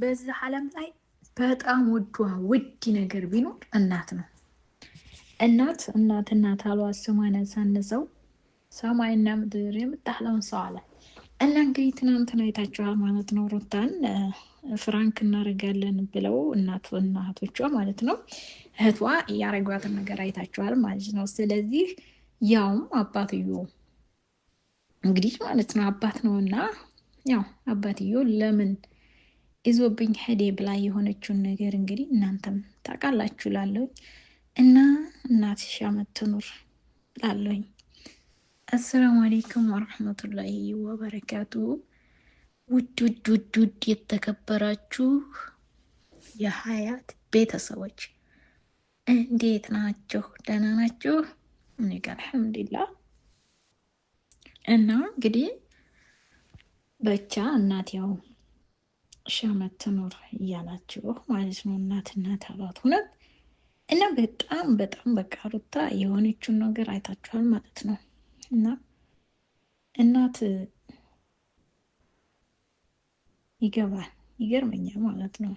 በዚህ ዓለም ላይ በጣም ውዷ ውድ ነገር ቢኖር እናት ነው። እናት እናት እናት አሏት ስሟን ያሳንሰው ሰማይና ምድር የምታህለውን ሰው አለ እና እንግዲህ ትናንትና አይታችኋል ማለት ነው። ሩታን ፍራንክ እናደርጋለን ብለው እናቱ እናቶቿ ማለት ነው እህቷ እያረጓትን ነገር አይታችኋል ማለት ነው። ስለዚህ ያውም አባትዮ እንግዲህ ማለት ነው አባት ነው እና ያው አባትዮ ለምን ይዞብኝ ሄዴ ብላ የሆነችውን ነገር እንግዲህ እናንተም ታውቃላችሁ ላለኝ እና እናትሽ አመትኑር ላለኝ። አሰላሙ አሌይኩም ወረሕመቱላሂ ወበረካቱ። ውድ ውድ ውድ ውድ የተከበራችሁ የሀያት ቤተሰቦች እንዴት ናችሁ? ደህና ናችሁ? እኔ ጋር አልሐምዱሊላህ። እና እንግዲህ በቻ እናት ያው ሺህ ዓመት ትኑር እያላችሁ ማለት ነው። እናትና አባት ሁነት እና በጣም በጣም በቃ ሩታ የሆነችውን ነገር አይታችኋል ማለት ነው። እና እናት ይገባል ይገርመኛል ማለት ነው።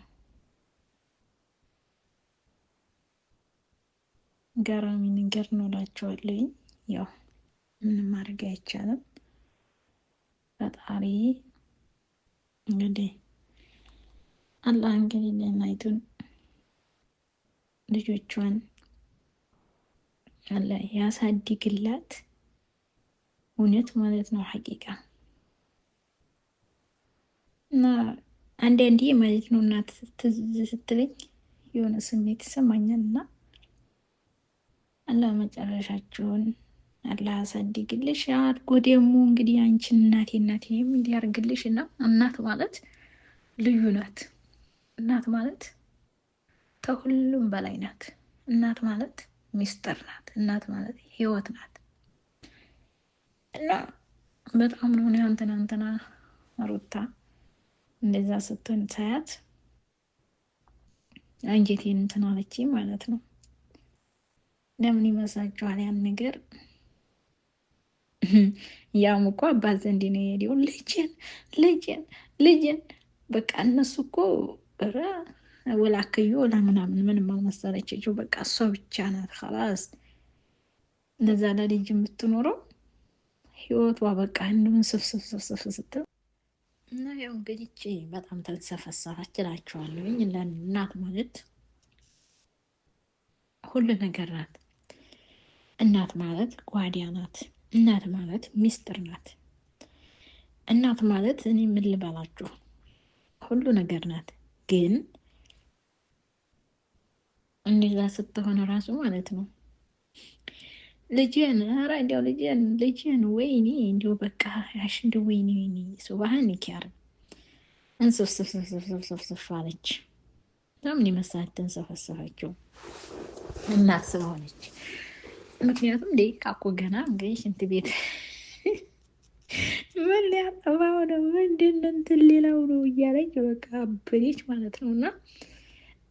ገራሚ ነገር ኖላቸዋለኝ። ያው ምንም ማድረግ አይቻልም። ፈጣሪ እንግዲህ አላህ እንግዲህ ለማይቱን ልጆቿን አላህ ያሳድግላት። እውነት ማለት ነው ሐቂቃ እና አንዳንዴ ማለት ነው እናት ትዝ ስትለኝ የሆነ ስሜት ይሰማኛል። እና አላህ መጨረሻችሁን አላህ ያሳድግልሽ አድጎ ደግሞ እንግዲህ አንቺን እናቴ እናቴ የሚል ያርግልሽ። እና እናት ማለት ልዩ ናት። እናት ማለት ከሁሉም በላይ ናት። እናት ማለት ሚስጥር ናት። እናት ማለት ህይወት ናት። እና በጣም ነው ያን ትናንትና ሩታ እንደዛ ስትሆን ሳያት አንጀቴን እንትን አለች ማለት ነው። ለምን ይመስላችኋል? ያን ነገር ያም እኮ አባት ዘንድ ነው የሄደው ልጅን ልጅን ልጅን በቃ እነሱ እኮ ነበረ ወላክዮ ለምናምን ምንም አልመሰለችው። በቃ እሷ ብቻ ናት ከላስ እንደዛ ለልጅ የምትኖረው ህይወቷ በቃ እንዲሁን ስፍስፍስፍስፍ ስትል እና ያው እንግዲህ በጣም ተልሰፈሰፈች እላቸዋለሁኝ። እናት ማለት ሁሉ ነገር ናት። እናት ማለት ጓዲያ ናት። እናት ማለት ሚስጥር ናት። እናት ማለት እኔ ምን ልበላችሁ ሁሉ ነገር ናት። ግን እንደዛ ስትሆን ራሱ ማለት ነው ልጅን ኧረ እንዲያው ልጅን ልጅን ወይኔ እንዲያው በቃ ያሽ እንዲያው ወይኔ ወይኔ ሱባህን ይኪያር እንስፍስፍስፍስፍ አለች። በምን ይመስላል ተንሰፈሰፈችው እናት ስለሆነች። ምክንያቱም ደቂቃ እኮ ገና እንግዲህ ሽንት ቤት ምን ሊያጠፋው ነው? ምንድን እንትን ሌላው ነው እያለኝ በቃ አበዴች ማለት ነው። እና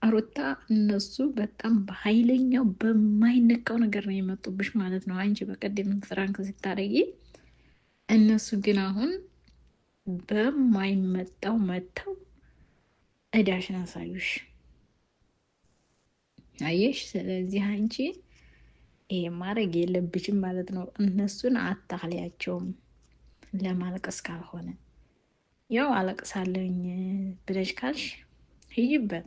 አሮታ እነሱ በጣም በኃይለኛው በማይነካው ነገር ነው የመጡብሽ ማለት ነው። አንቺ በቀደም ፍራንክ ስታደርጊ፣ እነሱ ግን አሁን በማይመጣው መጥተው እዳሽን አሳዩሽ። አየሽ? ስለዚህ አንቺ ይሄ ማድረግ የለብሽም ማለት ነው። እነሱን አታህሊያቸውም። ለማለቀስ ካልሆነ ያው አለቅሳለኝ ብለሽ ካልሽ ሂጅበት።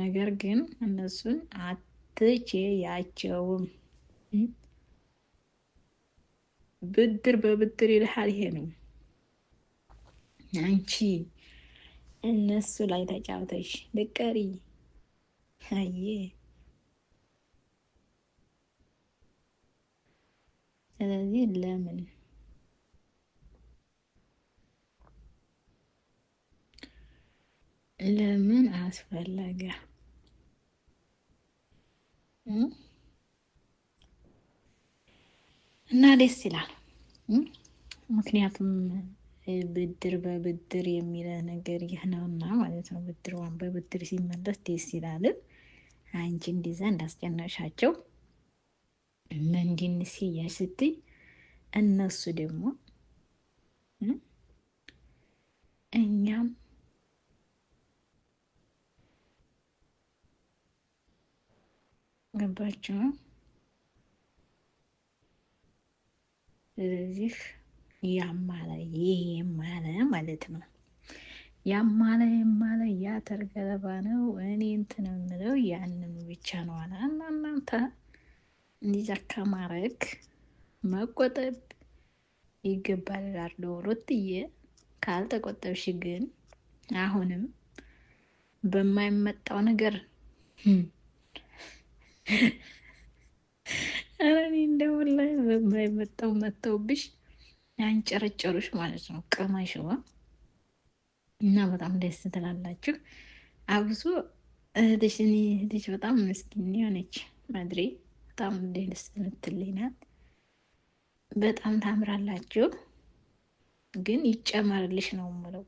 ነገር ግን እነሱን አትቼያቸውም። ብድር በብድር ይልሃል። ይሄ ነው አንቺ እነሱ ላይ ተጫውተሽ ልቀሪ። አየ ስለዚህ ለምን ለምን አስፈለገ? እና ደስ ይላል። ምክንያቱም ብድር በብድር የሚለ ነገር ይህ ነውና ማለት ነው። ብድሯን በብድር ሲመለስ ደስ ይላል። አንቺ እንዲዛ እንዳስጨነሻቸው መንዲን ሲያ ስትይ እነሱ ደግሞ እኛም ገባችሁ? ስለዚህ ያማለ ይህ የማለ ማለት ነው። ያማለ የማለ ያ ተርገለባ ነው። እኔ እንትን የምለው ያንን ብቻ ነው አለ እና እናንተ እንዲዛ ከማረግ መቆጠብ ይገባል እላለሁ። ሩትዬ ካልተቆጠብሽ ግን አሁንም በማይመጣው ነገር ኧረ እኔ እንደው ላይ መጠው መተውብሽ ያንጨረጨሩሽ ማለት ነው። ቅመሽዋ እና በጣም ደስ ትላላችሁ። አብሶ እህትሽ እኔ እህትሽ በጣም ምስኪን የሆነች መድሪ በጣም ደስ የምትለኝ በጣም ታምራላችሁ። ግን ይጨመርልሽ ነው የምለው።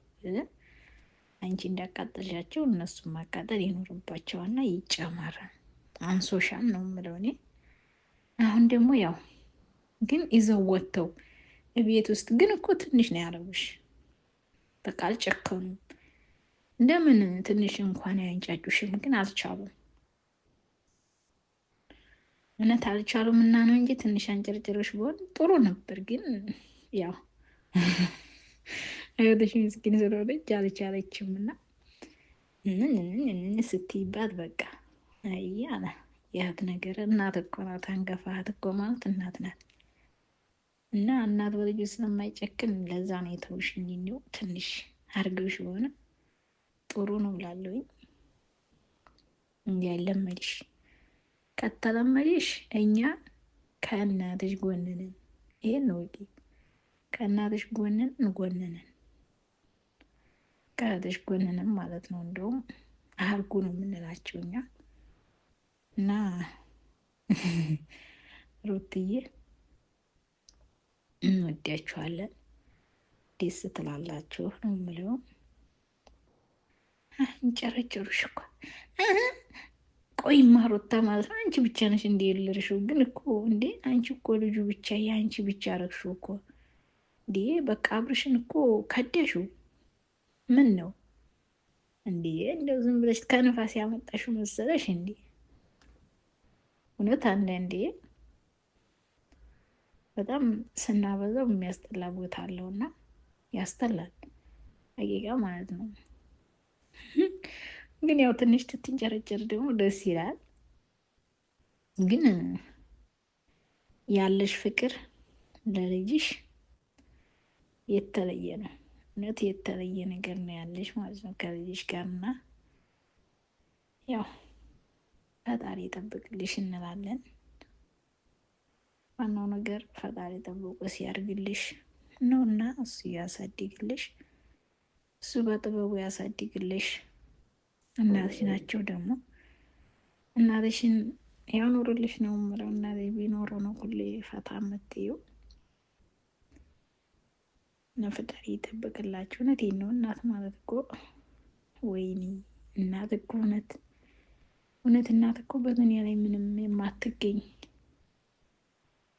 አንቺ እንዳቃጠልሻቸው እነሱም ማቃጠል ይኖርባቸዋልና ይጨመራል። አንሶሻል ነው የምለው እኔ። አሁን ደግሞ ያው ግን ይዘው ወጥተው ቤት ውስጥ ግን እኮ ትንሽ ነው ያደረጉሽ። በቃ አልጨከኑም። እንደምን ትንሽ እንኳን ያንጫጩሽም፣ ግን አልቻሉም። እውነት አልቻሉም እና ነው እንጂ ትንሽ አንጨርጭሮሽ ቢሆን ጥሩ ነበር። ግን ያው አይወደሽ ምስኪን ስለሆነች አልቻለችም እና ስትይባት በቃ አያለ ያት ነገር እናት እኮ ናት። አንገፋህት እኮ ማለት እናት ናት። እና እናት በልጁ ስለማይጨክን ለዛ ነው የተውሽኝ። እንዲሁ ትንሽ አርገሽ ሆነ ጥሩ ነው ብላለሁኝ። እንዲያ ለመድሽ ከተለመድሽ እኛ ከእናትሽ ጎንንን ይሄን ነው ወቂ ከእናትሽ ጎንን እንጎንንን ከእናትሽ ጎንንም ማለት ነው። እንደውም አርጉ ነው የምንላቸው እኛ እና ሩትዬ እንወዳችኋለን። ደስ ትላላችሁ ነው የምለው። እንጨረጨሩሽ እኮ ቆይማ ሩታ ማለት ነው። አንቺ ብቻ ነሽ እንዴ የለርሽው ግን እኮ እንዴ! አንቺ እኮ ልጁ ብቻ የአንቺ ብቻ አረግሽው እኮ እንዴ! በቃ አብርሽን እኮ ከዳሽው። ምን ነው እንዴ? እንደው ዝም ብለሽ ከንፋስ ያመጣሽው መሰለሽ እንዴ? እውነት አንዳንዴ በጣም ስናበዛው የሚያስጠላ ቦታ አለው እና ያስጠላል አቂቃ ማለት ነው። ግን ያው ትንሽ ትትንጨረጨር ደግሞ ደስ ይላል። ግን ያለሽ ፍቅር ለልጅሽ የተለየ ነው። እውነት የተለየ ነገር ነው ያለሽ ማለት ነው ከልጅሽ ጋር እና ያው ፈጣሪ ይጠብቅልሽ እንላለን። ዋናው ነገር ፈጣሪ ጠብቆ ሲያርግልሽ ነው እና እሱ ያሳድግልሽ፣ እሱ በጥበቡ ያሳድግልሽ። እናትሽ ናቸው ደግሞ እናትሽን ያኖርልሽ ነው ምለው። እና ቢኖረ ነው ሁሌ ፈታ የምትይው እና ፈጣሪ ይጠብቅላችሁ። እውነቴን ነው። እናት ማለት እኮ ወይኔ እናት እኮ እውነት እውነት እናት እኮ በዱንያ ላይ ምንም የማትገኝ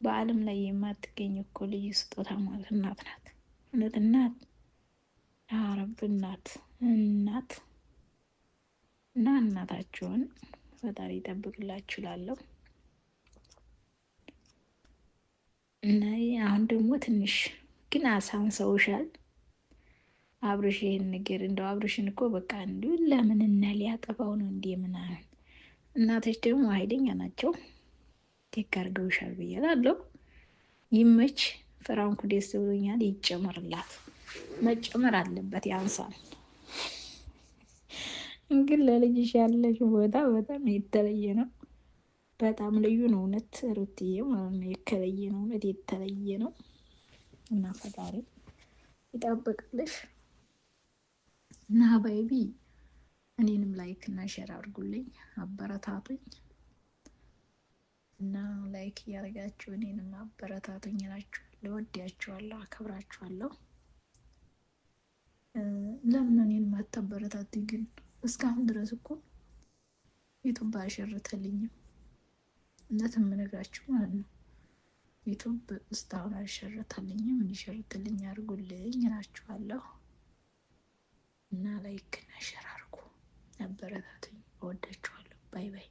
በዓለም ላይ የማትገኝ እኮ ልዩ ስጦታ ማለት እናት ናት። እውነት እናት አረብ እናት እናት እና እናታችሁን ፈጣሪ ይጠብቅላችሁ ላለው እና አሁን ደግሞ ትንሽ ግን ሰውሻል አብርሽ ይህን ነገር እንደው አብርሽን እኮ በቃ እንዲሁ ለምን እና ሊያጠፋው ነው እንዲህ ምናምን እናቶች ደግሞ ኃይለኛ ናቸው። ቴክ አድርገውሻል ብዬ እላለሁ። ይመች። ፍራንኩ ደስ ብሎኛል። ይጨመርላት፣ መጨመር አለበት። ያንሳል እንግዲህ ለልጅሽ ያለሽ ቦታ በጣም የተለየ ነው። በጣም ልዩ ነው። እውነት ሩትዬ ማለት ነው የተለየ ነው። እውነት የተለየ ነው እና ፈጣሪ ይጠብቅልሽ እና ባይቢ እኔንም ላይክ እና ሼር አድርጉልኝ፣ አበረታቱኝ እና ላይክ እያደረጋችሁ እኔንም አበረታቱኝ እላችኋለሁ። ወዲያችኋለሁ፣ አከብራችኋለሁ። ለምን እኔን ማታበረታት ግን? እስካሁን ድረስ እኮ ዩቱብ አልሸርተልኝም። እውነት የምነግራችሁ ማለት ነው። ዩቱብ እስካሁን አልሸርተልኝም። እንዲሸርትልኝ አድርጉልኝ እላችኋለሁ እና ላይክ እና ሼር ነበረታቱኝ። እወዳችኋለሁ። ባይ ባይ።